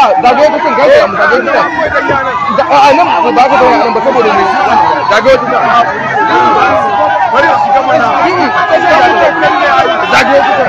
zage wata cin gaje mu zage wata da a nan ba za ka zauna ba saboda ne zage wata bari su ga mana zage wata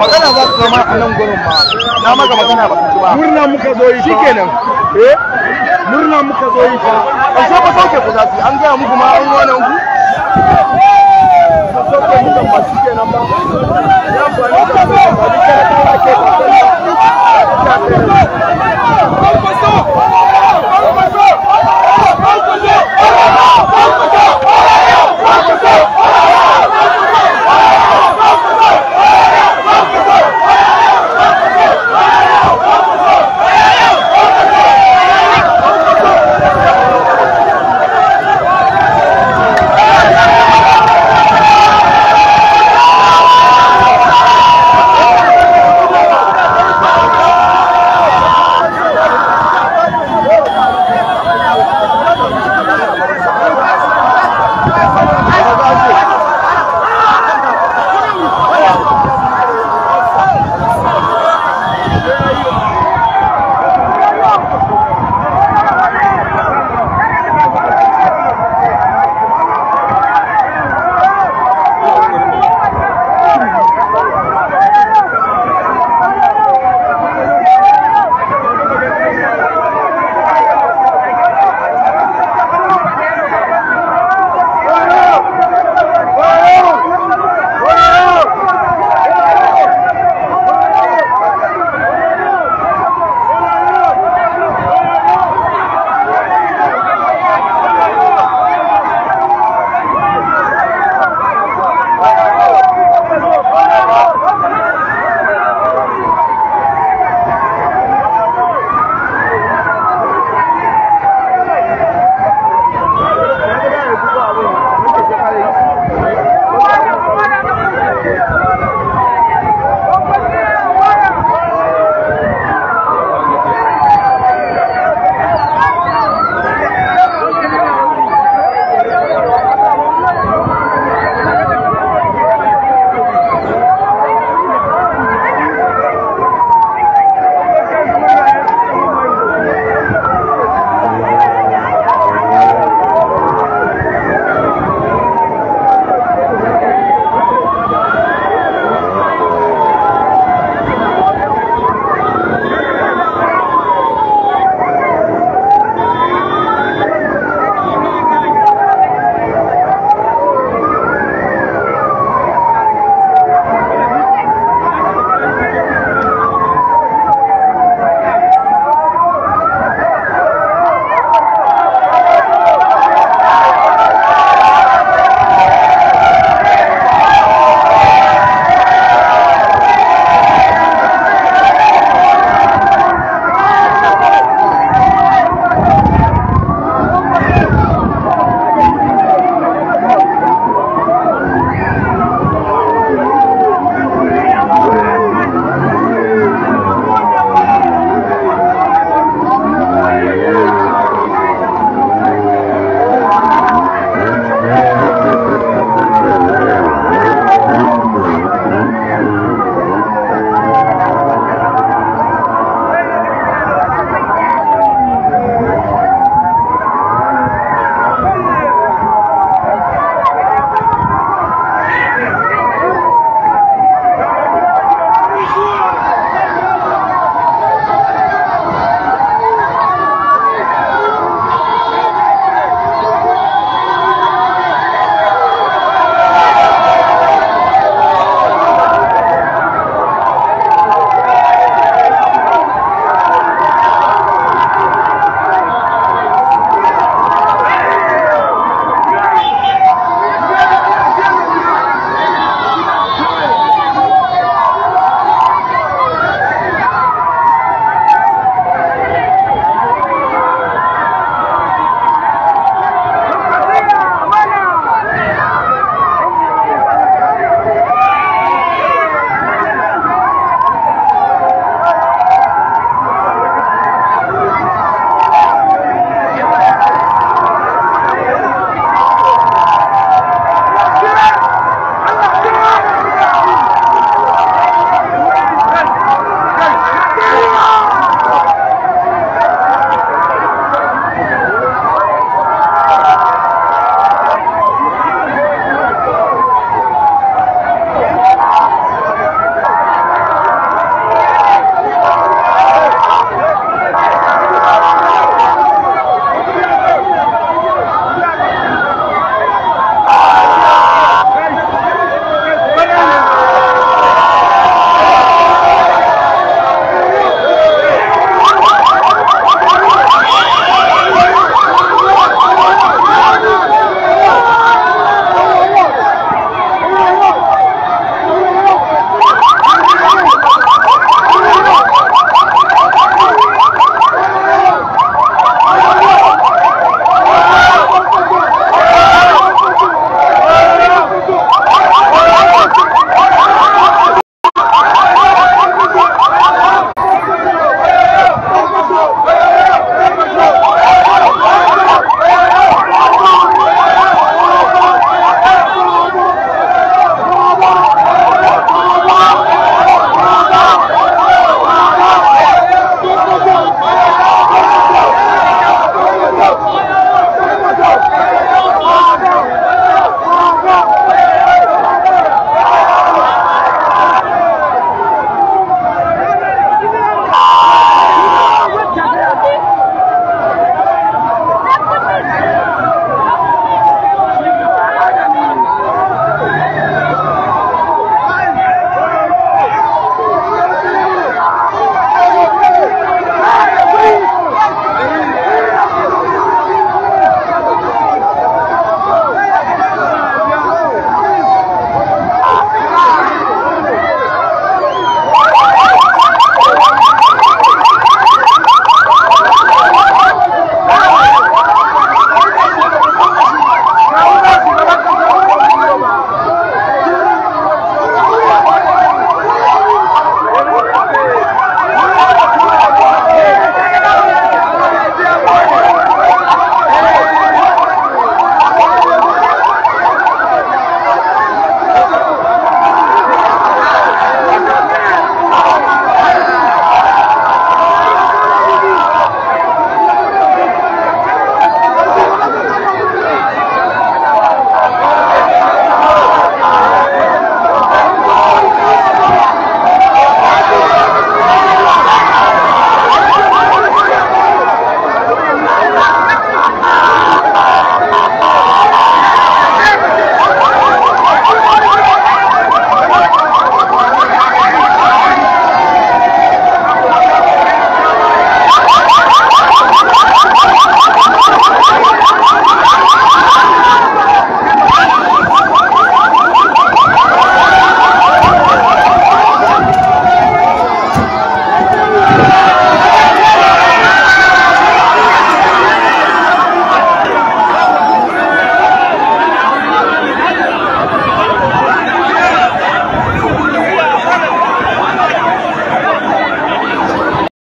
magana za su zama a nan gurin ma na maka magana ba su ba murna muka zo yi shikenan eh murna muka zo yi fa ba sai ba sauke ku za su an ga muku ma an zo ku Thank you.